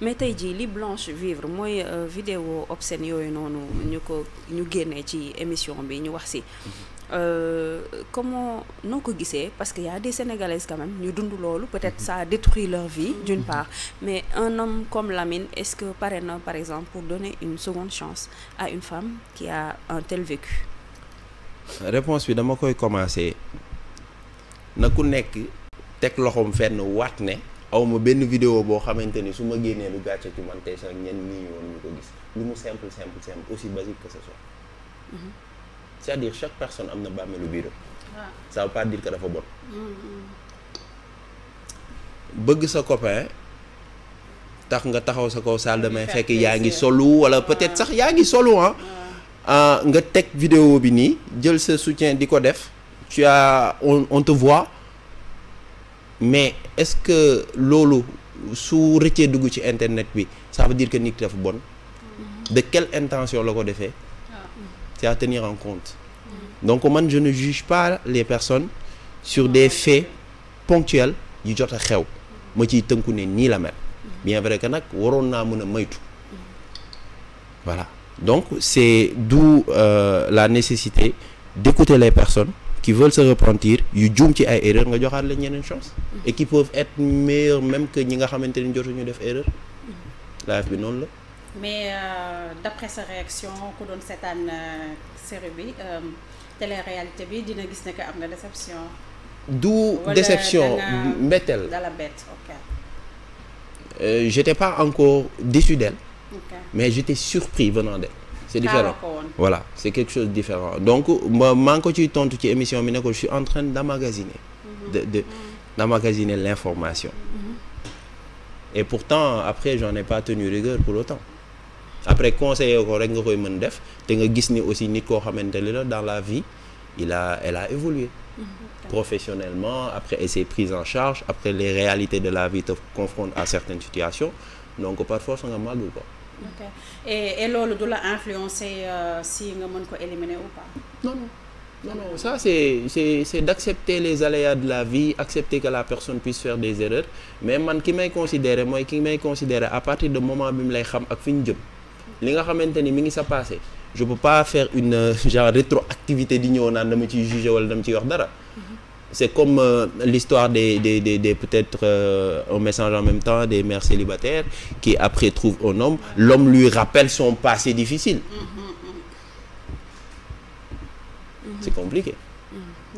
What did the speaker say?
mais tey jii li Blanche Vivre moy euh, vidéo obscène nous nonou ñuko ñu génnee ci émission bi ñu wax nous mhm. euh, comment nous le gisee parce qu'il y a des Sénégalaises quand même ñu dund peut-être mhm. ça a détruit leur vie mhm. d'une part mais un homme comme Lamine est-ce que par exemple pour donner une seconde chance à une femme qui a un tel vécu réponse bi dama koy commencer na ku nekk teg loxoom fenn waat ne awuma benn vidéo boo xamante ni su ma génnee lu gàcce ci man tey sax ñen ñi woon ñu ko gis lu mu simple simple simple aussi basique que ce soit. Mhm. c'est-à-dire chaque personne am na bàmmeelu biiram. ça veut pas dire que dafa bon. Mhm, mhm. bëgg sa copain tax nga taxaw sa kaw salle de main fekk yaa ngi solu wala peut-être sax yaa ngi solu ah. nga teg vidéo bi nii jël sa soutien di ko def. tu as on on te voit. mais est-ce que Lolo sous rëccee dugg ci internet bi ça veut dire que nit ki bon mm-hmm. de quelle intention la ko fait ah. c'est à tenir en compte mm-hmm. donc moi je ne juge pas les personnes sur des faits ponctuels yu jot xew ma ciy teunkou ne ni la même mm-hmm. bien vrai que nak waron na mon a voilà donc c'est d'où euh, la nécessité d'écouter les personnes qui veulent se repentir yu ont ci ay chance et qui peuvent être meilleurs même que ñi nga xamante ni jotuñu def mais euh, d'après sa réaction cette cette seetaan euh, série bi euh, télé réalité bi dina gis déception d'où déception Dans la bête, ok euh, j'étais pas encore déçu d'elle mais j'étais surpris venant d'elle c'est différent voilà c'est quelque chose de différent donc moi, quand tu je suis en train d'amagasiner. Mhm. de l'information mhm. et pourtant après je n'en ai pas tenu rigueur pour autant après conseiller rek aussi dans la vie il a elle a évolué mhm. professionnellement après elle s'est prise en charge après les réalités de la vie te confrontent à certaines situations donc parfois ça mal ou pas ok et et loolu du la influencer euh, si nga mën ko éliminer ou pas. non non non non ça c'est c'est c'est d'accepter les aléas de la vie accepter que la personne puisse faire des erreurs mais man ki may considérer mooy ki may considérer à partir de moment bi mu lay xam ak fi ñu li nga je peux pas faire une genre rétroactivité d'ignorance, ñëw naan dama ciy juger wala dama ciy wax dara. Mhm c'est comme euh, l'histoire des, peut-être euh, un message en même temps des mères célibataires qui après trouvent un homme. L'homme lui rappelle son passé difficile. Mm-hmm. C'est compliqué. Mm-hmm.